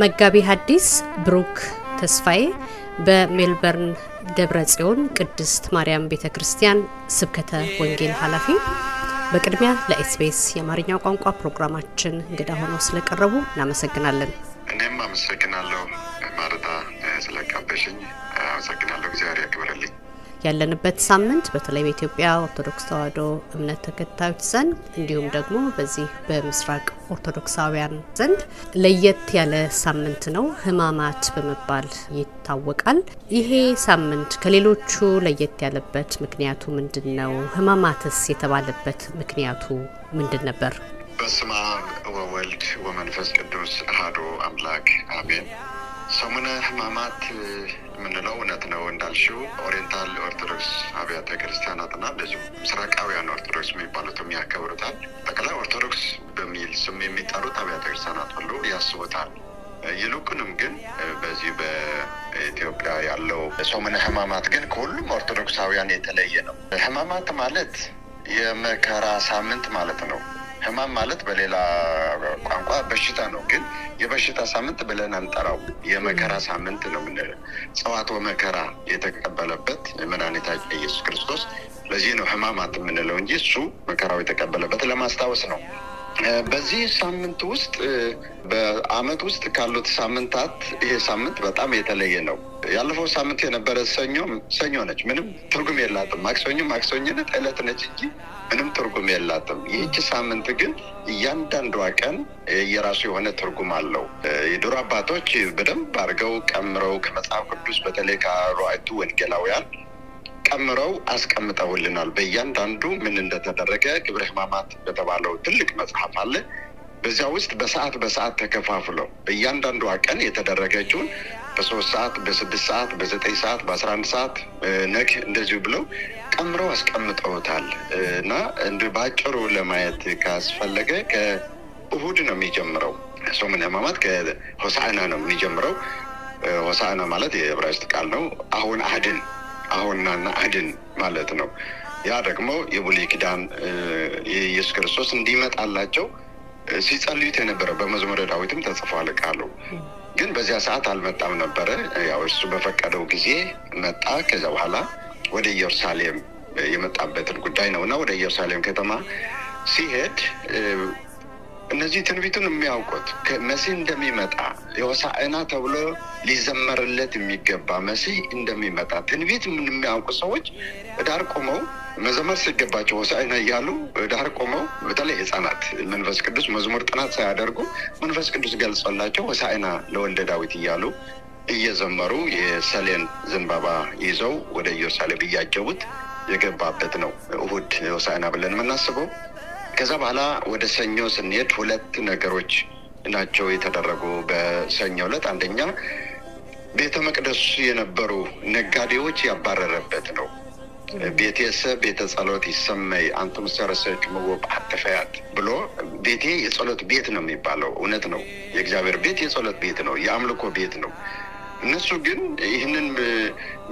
መጋቢ ሐዲስ ብሩክ ተስፋዬ በሜልበርን ደብረ ጽዮን ቅድስት ማርያም ቤተ ክርስቲያን ስብከተ ወንጌል ኃላፊ፣ በቅድሚያ ለኤስቢኤስ የአማርኛው ቋንቋ ፕሮግራማችን እንግዳ ሆነው ስለቀረቡ እናመሰግናለን። እኔም አመሰግናለሁ ማርታ ስለጋበሽኝ አመሰግናለሁ። እግዚአብሔር ያክብርልኝ። ያለንበት ሳምንት በተለይ በኢትዮጵያ ኦርቶዶክስ ተዋሕዶ እምነት ተከታዮች ዘንድ እንዲሁም ደግሞ በዚህ በምስራቅ ኦርቶዶክሳውያን ዘንድ ለየት ያለ ሳምንት ነው። ሕማማት በመባል ይታወቃል። ይሄ ሳምንት ከሌሎቹ ለየት ያለበት ምክንያቱ ምንድን ነው? ሕማማትስ የተባለበት ምክንያቱ ምንድን ነበር? በስመ አብ ወወልድ ወመንፈስ ቅዱስ አሐዱ አምላክ አሜን። ሰሙነ ሕማማት የምንለው እውነት ነው እንዳልሽው ኦሪየንታል ኦርቶዶክስ አብያተ ክርስቲያናትና እንደዚሁ ምስራቃውያን ኦርቶዶክስ የሚባሉትም ያከብሩታል። ጠቅላይ ኦርቶዶክስ በሚል ስም የሚጠሩት አብያተ ክርስቲያናት ሁሉ ያስቡታል። ይልቁንም ግን በዚህ በኢትዮጵያ ያለው ሰሙነ ሕማማት ግን ከሁሉም ኦርቶዶክሳውያን የተለየ ነው። ሕማማት ማለት የመከራ ሳምንት ማለት ነው። ህማም ማለት በሌላ ቋንቋ በሽታ ነው። ግን የበሽታ ሳምንት ብለን አንጠራው፣ የመከራ ሳምንት ነው ምን ጽዋተ መከራ የተቀበለበት መድኃኒታችን ኢየሱስ ክርስቶስ ለዚህ ነው ህማማት የምንለው እንጂ እሱ መከራው የተቀበለበት ለማስታወስ ነው። በዚህ ሳምንት ውስጥ በአመት ውስጥ ካሉት ሳምንታት ይሄ ሳምንት በጣም የተለየ ነው። ያለፈው ሳምንት የነበረ ሰኞ ሰኞ ነች፣ ምንም ትርጉም የላትም። ማክሰኞ ማክሰኞነት እለት ነች እንጂ ምንም ትርጉም የላትም። ይህች ሳምንት ግን እያንዳንዷ ቀን የራሱ የሆነ ትርጉም አለው። የድሮ አባቶች በደንብ አድርገው ቀምረው ከመጽሐፍ ቅዱስ በተለይ ከሩአይቱ ወንጌላውያን ቀምረው አስቀምጠውልናል። በእያንዳንዱ ምን እንደተደረገ ግብረ ሕማማት በተባለው ትልቅ መጽሐፍ አለ። በዚያ ውስጥ በሰዓት በሰዓት ተከፋፍለው በእያንዳንዷ ቀን የተደረገችውን በሶስት ሰዓት፣ በስድስት ሰዓት፣ በዘጠኝ ሰዓት፣ በአስራ አንድ ሰዓት ነግ እንደዚሁ ብለው ቀምረው አስቀምጠውታል እና እንደ በአጭሩ ለማየት ካስፈለገ ከእሁድ ነው የሚጀምረው። ሶምን ሕማማት ከሆሳዕና ነው የሚጀምረው። ሆሳዕና ማለት የዕብራይስጥ ቃል ነው። አሁን አድን አሁናና አድን ማለት ነው። ያ ደግሞ የቡሌ ኪዳን የኢየሱስ ክርስቶስ እንዲመጣላቸው ሲጸልዩት የነበረ በመዝሙረ ዳዊትም ተጽፏል ቃሉ። ግን በዚያ ሰዓት አልመጣም ነበረ። ያው እሱ በፈቀደው ጊዜ መጣ። ከዚያ በኋላ ወደ ኢየሩሳሌም የመጣበትን ጉዳይ ነው እና ወደ ኢየሩሳሌም ከተማ ሲሄድ እነዚህ ትንቢቱን የሚያውቁት መሲህ እንደሚመጣ የሆሳዕና ተብሎ ሊዘመርለት የሚገባ መሲህ እንደሚመጣ ትንቢት የሚያውቁ ሰዎች ዳር ቆመው መዘመር ሲገባቸው ሆሳዕና እያሉ ዳር ቆመው በተለይ ህፃናት መንፈስ ቅዱስ መዝሙር ጥናት ሳያደርጉ መንፈስ ቅዱስ ገልጸላቸው ሆሳዕና ለወንደ ዳዊት እያሉ እየዘመሩ የሰሌን ዘንባባ ይዘው ወደ ኢየሩሳሌም እያጀቡት የገባበት ነው። እሁድ ሆሳዕና ብለን የምናስበው ከዛ በኋላ ወደ ሰኞ ስንሄድ ሁለት ነገሮች ናቸው የተደረጉ በሰኞ ዕለት። አንደኛ ቤተ መቅደሱ የነበሩ ነጋዴዎች ያባረረበት ነው። ቤቴሰ ቤተ ጸሎት ይሰመይ አንተ መሰረሰች መወብ አትፈያት ብሎ ቤቴ የጸሎት ቤት ነው የሚባለው እውነት ነው። የእግዚአብሔር ቤት የጸሎት ቤት ነው፣ የአምልኮ ቤት ነው። እነሱ ግን ይህንን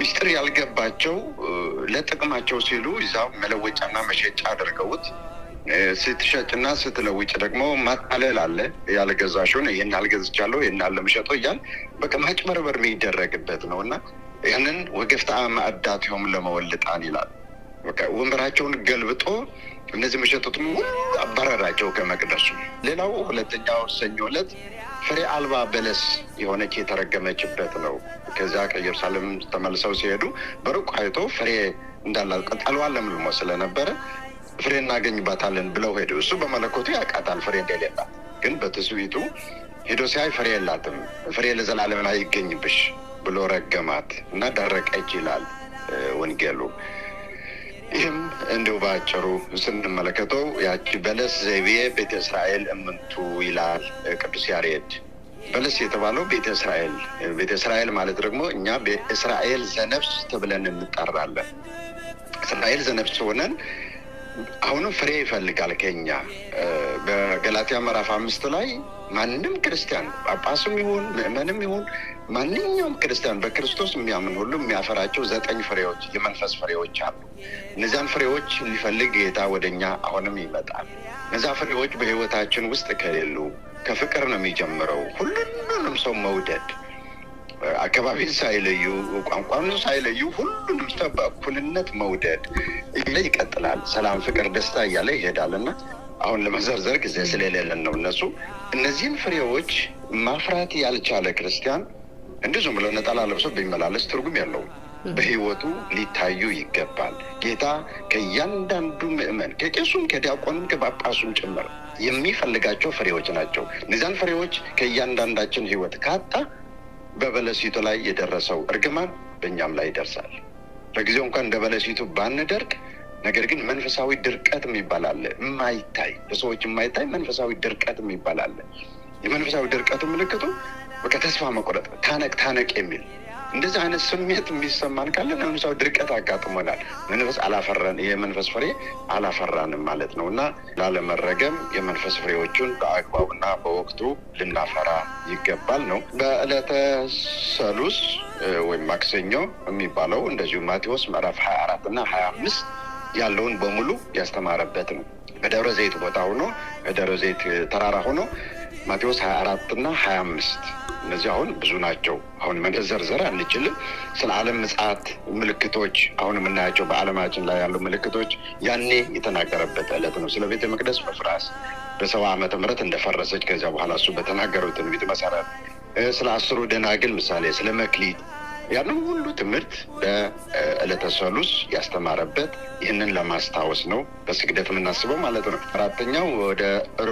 ምስጢር ያልገባቸው ለጥቅማቸው ሲሉ እዛ መለወጫና መሸጫ አድርገውት ስትሸጭና ስትለውጭ ደግሞ ማታለል አለ። ያልገዛሽውን ይህን አልገዝቻለሁ ይህን አለምሸጠው እያል በቃ ማጭበርበር የሚደረግበት ነው እና ይህንን ወገፍትአ ማዕዳቲሆም ለመወልጣን ይላል። በቃ ወንበራቸውን ገልብጦ እነዚህ መሸጡትን ሁሉ አባረራቸው ከመቅደሱ። ሌላው ሁለተኛው ሰኞ ዕለት ፍሬ አልባ በለስ የሆነች የተረገመችበት ነው። ከዚያ ከኢየሩሳሌም ተመልሰው ሲሄዱ በሩቅ አይቶ ፍሬ እንዳላ ቅጠሏ ለምልሞ ስለነበረ ፍሬ እናገኝባታለን ብለው ሄዱ። እሱ በመለኮቱ ያውቃታል ፍሬ እንደሌላት ግን በትስዊቱ ሄዶ ሲያይ ፍሬ የላትም፣ ፍሬ ለዘላለም አይገኝብሽ ብሎ ረገማት እና ደረቀች ይላል ወንጌሉ። ይህም እንዲሁ በአጭሩ ስንመለከተው ያቺ በለስ ዘይቤ ቤተ እስራኤል እምንቱ ይላል ቅዱስ ያሬድ። በለስ የተባለው ቤተ እስራኤል ቤተ እስራኤል ማለት ደግሞ እኛ እስራኤል ዘነፍስ ተብለን እንጠራለን። እስራኤል ዘነፍስ ሆነን አሁንም ፍሬ ይፈልጋል ከኛ በገላትያ ምዕራፍ አምስት ላይ ማንም ክርስቲያን ጳጳስም ይሁን ምእመንም ይሁን ማንኛውም ክርስቲያን በክርስቶስ የሚያምን ሁሉ የሚያፈራቸው ዘጠኝ ፍሬዎች የመንፈስ ፍሬዎች አሉ። እነዚያን ፍሬዎች ሊፈልግ ጌታ ወደኛ አሁንም ይመጣል። እነዛ ፍሬዎች በህይወታችን ውስጥ ከሌሉ ከፍቅር ነው የሚጀምረው ሁሉንም ሰው መውደድ አካባቢን ሳይለዩ ቋንቋን ሳይለዩ ሁሉንም በእኩልነት መውደድ እያለ ይቀጥላል። ሰላም፣ ፍቅር፣ ደስታ እያለ ይሄዳል እና አሁን ለመዘርዘር ጊዜ ስለሌለን ነው። እነሱ እነዚህን ፍሬዎች ማፍራት ያልቻለ ክርስቲያን እንዲህ ዝም ብሎ ነጠላ ለብሶ ቢመላለስ ትርጉም የለውም። በህይወቱ ሊታዩ ይገባል። ጌታ ከእያንዳንዱ ምዕመን ከቄሱም፣ ከዲያቆንም፣ ከጳጳሱም ጭምር የሚፈልጋቸው ፍሬዎች ናቸው። እነዚያን ፍሬዎች ከእያንዳንዳችን ህይወት ካጣ በበለሲቱ ላይ የደረሰው እርግማን በእኛም ላይ ይደርሳል። በጊዜው እንኳን እንደ በለሲቱ ባንደርቅ፣ ነገር ግን መንፈሳዊ ድርቀት የሚባል አለ። የማይታይ በሰዎች የማይታይ መንፈሳዊ ድርቀት የሚባል አለ። የመንፈሳዊ ድርቀቱ ምልክቱ በቃ ተስፋ መቁረጥ፣ ታነቅ ታነቅ የሚል እንደዚህ አይነት ስሜት የሚሰማን ካለ መንፈሳዊ ድርቀት አጋጥሞናል። መንፈስ አላፈራን የመንፈስ ፍሬ አላፈራንም ማለት ነው እና ላለመረገም የመንፈስ ፍሬዎቹን በአግባቡና በወቅቱ ልናፈራ ይገባል ነው። በዕለተ ሰሉስ ወይም ማክሰኞ የሚባለው እንደዚሁ ማቴዎስ ምዕራፍ 24 እና 25 ያለውን በሙሉ ያስተማረበት ነው። በደብረ ዘይት ቦታ ሆኖ በደብረ ዘይት ተራራ ሆኖ ማቴዎስ 24 እና 25 እነዚህ አሁን ብዙ ናቸው። አሁን መዘርዘር አንችልም። ስለ ዓለም ምጽአት ምልክቶች አሁን የምናያቸው በዓለማችን ላይ ያሉ ምልክቶች ያኔ የተናገረበት ዕለት ነው። ስለ ቤተ መቅደስ መፍራስ በሰባ ዓመተ ምህረት እንደፈረሰች ከዚያ በኋላ እሱ በተናገረው ትንቢት መሰረት ስለ አስሩ ደናግል ምሳሌ ስለ መክሊት ያንን ሁሉ ትምህርት በዕለተ ሰሉስ ያስተማረበት ይህንን ለማስታወስ ነው በስግደት የምናስበው ማለት ነው። አራተኛው ወደ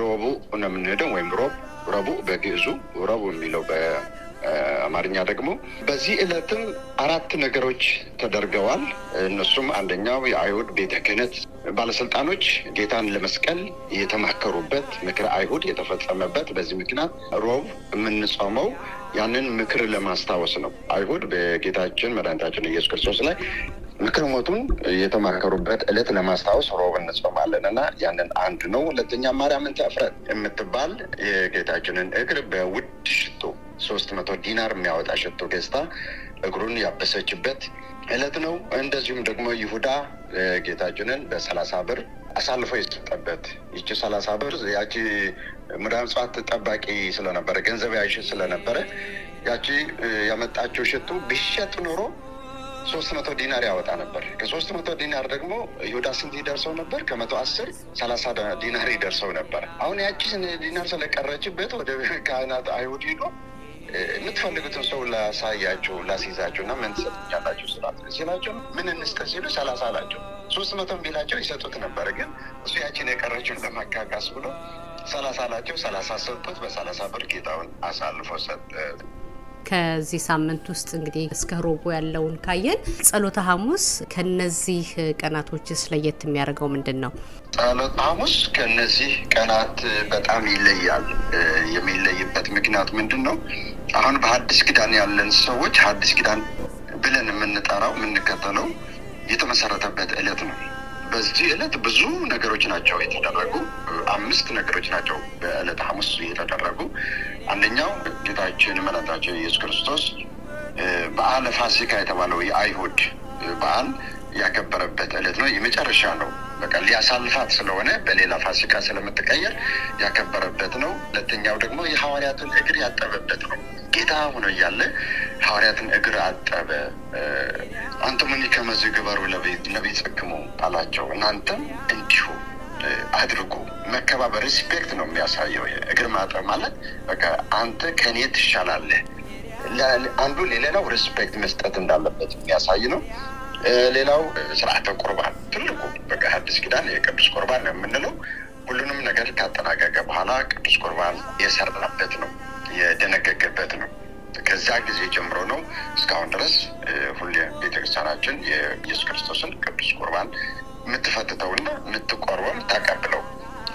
ረቡዕ ነው የምንሄደው ወይም ሮብ ረቡዕ በግዕዙ ረቡዕ የሚለው በአማርኛ ደግሞ በዚህ ዕለትም አራት ነገሮች ተደርገዋል። እነሱም አንደኛው የአይሁድ ቤተ ክህነት ባለስልጣኖች ጌታን ለመስቀል የተማከሩበት ምክረ አይሁድ የተፈጸመበት በዚህ ምክንያት ሮብ የምንጾመው ያንን ምክር ለማስታወስ ነው። አይሁድ በጌታችን መድኃኒታችን ኢየሱስ ክርስቶስ ላይ ምክር ሞቱን የተማከሩበት እለት ለማስታወስ ሮብ እንጾማለን እና ያንን አንድ ነው። ሁለተኛ ማርያምን ታፍረት የምትባል የጌታችንን እግር በውድ ሽቶ ሶስት መቶ ዲናር የሚያወጣ ሽቶ ገዝታ እግሩን ያበሰችበት እለት ነው። እንደዚሁም ደግሞ ይሁዳ ጌታችንን በሰላሳ ብር አሳልፎ የሰጠበት ይቺ ሰላሳ ብር ያቺ ሙዳም ጽዋት ጠባቂ ስለነበረ ገንዘብ ያይሽ ስለነበረ ያቺ ያመጣቸው ሽቱ ቢሸጥ ኖሮ ሶስት መቶ ዲናር ያወጣ ነበር። ከሶስት መቶ ዲናር ደግሞ ይሁዳ ስንት ይደርሰው ነበር? ከመቶ አስር ሰላሳ ዲናር ይደርሰው ነበር። አሁን ያቺ ዲናር ስለቀረችበት ወደ ካህናት አይሁድ ሂዶ የምትፈልጉትን ሰው ላሳያችሁ፣ ላስይዛችሁ እና ምን ትሰጡኛላችሁ ሲላቸው ምን እንስጠ ሲሉ ሰላሳ አላቸው። ሶስት መቶም ቢላቸው ይሰጡት ነበረ። ግን እሱ ያችን የቀረችውን ለመካካስ ብሎ ሰላሳ ናቸው ሰላሳ ሰጡት። በሰላሳ ብር ጌታውን አሳልፎ ሰጠ። ከዚህ ሳምንት ውስጥ እንግዲህ እስከ ሮቦ ያለውን ካየን ጸሎተ ሐሙስ ከነዚህ ቀናቶችስ ለየት የሚያደርገው ምንድን ነው? ጸሎተ ሐሙስ ከነዚህ ቀናት በጣም ይለያል። የሚለይበት ምክንያት ምንድን ነው? አሁን በሐዲስ ኪዳን ያለን ሰዎች ሐዲስ ኪዳን ብለን የምንጠራው የምንከተለው የተመሰረተበት እለት ነው። በዚህ እለት ብዙ ነገሮች ናቸው የተደረጉ። አምስት ነገሮች ናቸው በእለት ሐሙስ የተደረጉ። አንደኛው ጌታችን መድኃኒታችን ኢየሱስ ክርስቶስ በዓለ ፋሲካ የተባለው የአይሁድ በዓል ያከበረበት እለት ነው። የመጨረሻ ነው። በቃ ሊያሳልፋት ስለሆነ በሌላ ፋሲካ ስለምትቀየር ያከበረበት ነው። ሁለተኛው ደግሞ የሐዋርያትን እግር ያጠበበት ነው። ጌታ ሆኖ እያለ ሐዋርያትን እግር አጠበ ምን ከመዝ ግበሩ ለቤጽክሙ አላቸው። እናንተም እንዲሁ አድርጉ። መከባበር ሪስፔክት ነው የሚያሳየው። እግር ማጠብ ማለት በቃ አንተ ከኔ ትሻላለህ፣ አንዱ ለሌላው ሪስፔክት መስጠት እንዳለበት የሚያሳይ ነው። ሌላው ስርዓተ ቁርባን ትልቁ በቃ ሐዲስ ኪዳን የቅዱስ ቁርባን ነው የምንለው ሁሉንም ነገር ካጠናቀቀ በኋላ ቅዱስ ቁርባን የሰራበት ነው የደነገገበት ነው። ከዛ ጊዜ ጀምሮ ነው እስካሁን ድረስ ሁሌ ቤተክርስቲያናችን የኢየሱስ ክርስቶስን ቅዱስ ቁርባን የምትፈትተውና የምትቆርበው የምታቀብለው።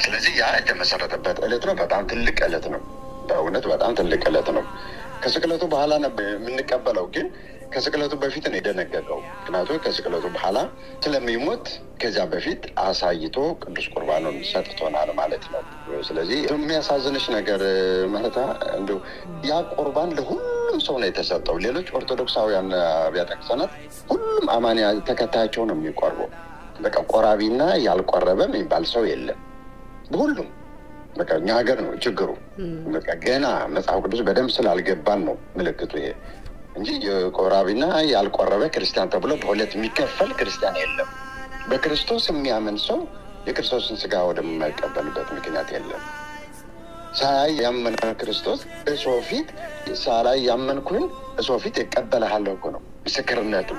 ስለዚህ ያ የተመሰረተበት እለት ነው። በጣም ትልቅ እለት ነው። በእውነት በጣም ትልቅ እለት ነው። ከስቅለቱ በኋላ ነበር የምንቀበለው ግን ከስቅለቱ በፊት ነው የደነገገው። ምክንያቱም ከስቅለቱ በኋላ ስለሚሞት ከዚያ በፊት አሳይቶ ቅዱስ ቁርባኑን ሰጥቶናል ማለት ነው። ስለዚህ የሚያሳዝንሽ ነገር ማለት እንዲ ያ ቁርባን ለሁሉ ሁሉም ሰው ነው የተሰጠው። ሌሎች ኦርቶዶክሳውያን አብያተ ክርስቲያናት ሁሉም አማን ተከታያቸው ነው የሚቆርበው። በቃ ቆራቢና ያልቆረበ የሚባል ሰው የለም። በሁሉም በቃ እኛ ሀገር ነው ችግሩ። በቃ ገና መጽሐፍ ቅዱስ በደንብ ስላልገባን ነው ምልክቱ ይሄ እንጂ ቆራቢና ያልቆረበ ክርስቲያን ተብሎ በሁለት የሚከፈል ክርስቲያን የለም። በክርስቶስ የሚያምን ሰው የክርስቶስን ስጋ ወደማይቀበልበት ምክንያት የለም። ሳያይ ያመነ ክርስቶስ እሶ ፊት ሳላይ ያመንኩን እሶ ፊት የቀበለሃለው እኮ ነው ምስክርነቱ።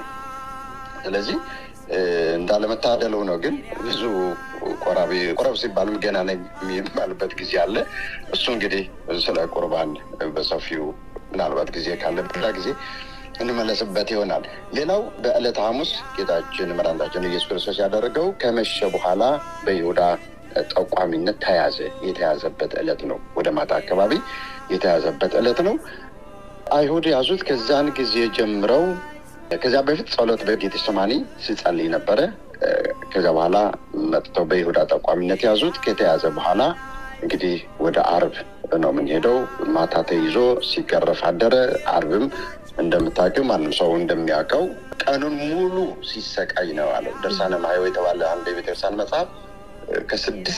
ስለዚህ እንዳለመታደለው ነው። ግን ብዙ ቆራቢ ቆረብ ሲባልም ገና ነ የሚባልበት ጊዜ አለ። እሱ እንግዲህ ስለ ቁርባን በሰፊው ምናልባት ጊዜ ካለ ሌላ ጊዜ እንመለስበት ይሆናል። ሌላው በዕለት ሐሙስ ጌታችን መድኃኒታችን ኢየሱስ ክርስቶስ ያደረገው ከመሸ በኋላ በይሁዳ ጠቋሚነት ተያዘ። የተያዘበት ዕለት ነው። ወደ ማታ አካባቢ የተያዘበት ዕለት ነው። አይሁድ ያዙት። ከዛን ጊዜ ጀምረው ከዚያ በፊት ጸሎት በጌቴሰማኒ ስጸልይ ነበረ። ከዚያ በኋላ መጥተው በይሁዳ ጠቋሚነት ያዙት። ከተያዘ በኋላ እንግዲህ ወደ አርብ ነው የምንሄደው። ማታ ተይዞ ሲገረፍ አደረ። አርብም እንደምታውቂው ማንም ሰው እንደሚያውቀው ቀኑን ሙሉ ሲሰቃይ ነው አለው። ደርሳነ ማየው የተባለ አንድ የቤተክርስቲያን መጽሐፍ ከ 6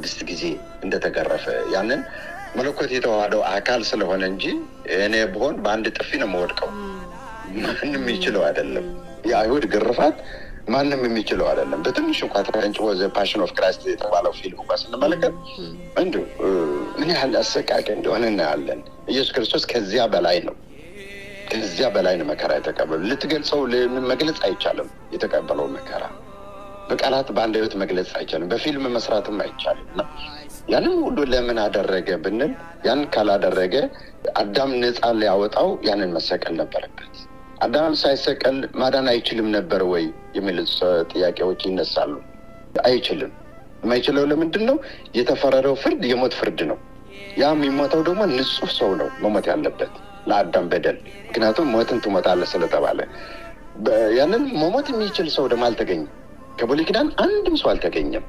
ስድስት ጊዜ እንደተገረፈ ያንን መለኮት የተዋህደው አካል ስለሆነ እንጂ እኔ ብሆን በአንድ ጥፊ ነው መወድቀው ማንም የሚችለው አይደለም። የአይሁድ ግርፋት ማንም የሚችለው አይደለም። በትንሽ እንኳ ተንጭቦ ወዘ ፓሽን ኦፍ ክራይስት የተባለው ፊልም እንኳ ስንመለከት እንዲ ምን ያህል አሰቃቂ እንደሆነ እናያለን። ኢየሱስ ክርስቶስ ከዚያ በላይ ነው ከዚያ በላይ ነው መከራ የተቀበሉ ልትገልጸው መግለጽ አይቻልም የተቀበለው መከራ በቃላት ህይወት መግለጽ አይቻልም፣ በፊልም መስራትም አይቻልም እና ያንን ሁሉ ለምን አደረገ ብንል ያን ካላደረገ አዳም ነፃ ሊያወጣው ያንን መሰቀል ነበረበት። አዳም ሳይሰቀል ማዳን አይችልም ነበር ወይ የሚል ጥያቄዎች ይነሳሉ። አይችልም። የማይችለው ለምንድን ነው? የተፈረረው ፍርድ የሞት ፍርድ ነው። ያ የሚሞተው ደግሞ ንጹሕ ሰው ነው መሞት ያለበት ለአዳም በደል፣ ምክንያቱም ሞትን ትሞታለህ ስለተባለ ያንን መሞት የሚችል ሰው ደግሞ አልተገኘም። ከቦሌ ኪዳን አንድም ሰው አልተገኘም።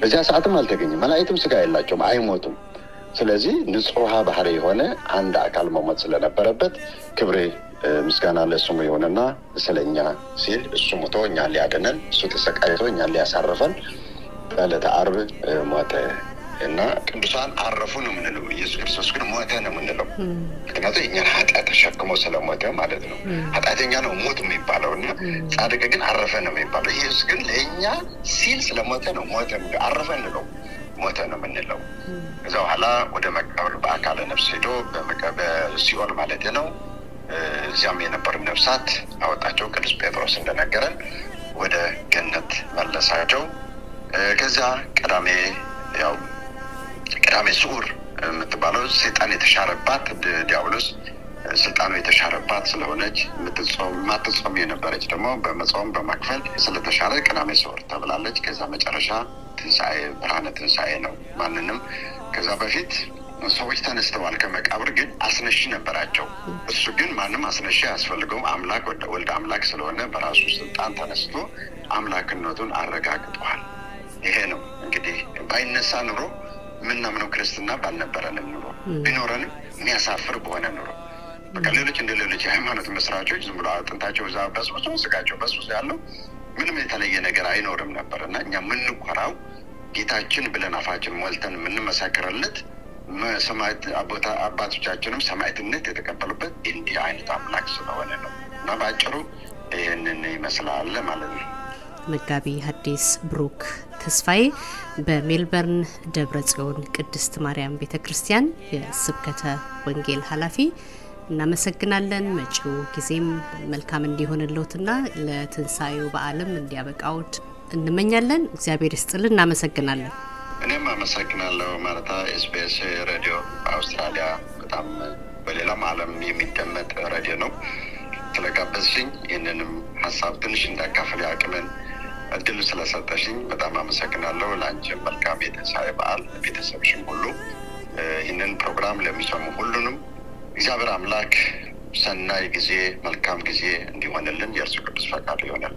በዚያ ሰዓትም አልተገኘም። መላእክትም ስጋ የላቸውም፣ አይሞቱም። ስለዚህ ንጹሐ ባህሪ የሆነ አንድ አካል መሞት ስለነበረበት ክብሬ ምስጋና ለስሙ የሆነና ስለኛ ሲል እሱ ሙቶ እኛን ሊያድነን እሱ ተሰቃይቶ እኛን ሊያሳርፈን በዕለተ ዓርብ ሞተ። እና ቅዱሳን አረፉ ነው የምንለው። ኢየሱስ ክርስቶስ ግን ሞተ ነው የምንለው። ምክንያቱም የእኛን ኃጢአት ተሸክሞ ስለሞተ ማለት ነው። ኃጢአተኛ ነው ሞት የሚባለው እና ጻድቅ ግን አረፈ ነው የሚባለው። ኢየሱስ ግን ለእኛ ሲል ስለሞተ ነው ሞተ አረፈ እንለው ሞተ ነው የምንለው። ከዛ በኋላ ወደ መቃብር በአካለ ነፍስ ሄዶ በሲኦል ማለት ነው እዚያም የነበሩ ነፍሳት አወጣቸው። ቅዱስ ጴጥሮስ እንደነገረን ወደ ገነት መለሳቸው። ከዚያ ቀዳሜ ያው ቅዳሜ ስዑር የምትባለው ሴጣን የተሻረባት ዲያብሎስ ስልጣኑ የተሻረባት ስለሆነች ማትጾም የነበረች ደግሞ በመጾም በማክፈል ስለተሻረ ቅዳሜ ስዑር ተብላለች። ከዛ መጨረሻ ትንሣኤ ብርሃነ ትንሣኤ ነው። ማንንም ከዛ በፊት ሰዎች ተነስተዋል ከመቃብር ግን አስነሺ ነበራቸው። እሱ ግን ማንም አስነሺ አያስፈልገውም። አምላክ ወልድ አምላክ ስለሆነ በራሱ ስልጣን ተነስቶ አምላክነቱን አረጋግጧል። ይሄ ነው እንግዲህ ባይነሳ ኑሮ የምናምነው ክርስትና ባልነበረንም ኑሮ ቢኖረንም የሚያሳፍር በሆነ ኑሮ በቃ ሌሎች እንደ ሌሎች የሃይማኖት መስራቾች ዝም ብሎ አጥንታቸው እዛ በሱሱ ስጋቸው በስብሶ ያለው ምንም የተለየ ነገር አይኖርም ነበር እና እኛ የምንኮራው ጌታችን ብለን አፋችን ሞልተን የምንመሰክርለት አባቶቻችንም ሰማይትነት የተቀበሉበት እንዲህ አይነት አምላክ ስለሆነ ነው እና በአጭሩ ይህንን ይመስላለ ማለት ነው። መጋቢ ሐዲስ ብሩክ ተስፋዬ በሜልበርን ደብረ ጽዮን ቅድስት ማርያም ቤተ ክርስቲያን የስብከተ ወንጌል ኃላፊ፣ እናመሰግናለን። መጪው ጊዜም መልካም እንዲሆንልዎትና ለትንሣኤው በዓልም እንዲያበቃዎት እንመኛለን። እግዚአብሔር ይስጥልን። እናመሰግናለን። እኔም አመሰግናለሁ ማርታ። ኤስቢኤስ ሬዲዮ አውስትራሊያ በጣም በሌላም ዓለም የሚደመጥ ሬዲዮ ነው። ስለጋበዝሽኝ ይህንንም ሀሳብ ትንሽ እንዳካፍል ያቅምን እድል ስለሰጠሽኝ በጣም አመሰግናለሁ። ለአንቺም መልካም የትንሣኤ በዓል ቤተሰብሽም ሁሉ ይህንን ፕሮግራም ለሚሰሙ ሁሉንም እግዚአብሔር አምላክ ሰናይ ጊዜ መልካም ጊዜ እንዲሆንልን የእርሱ ቅዱስ ፈቃድ ይሆናል።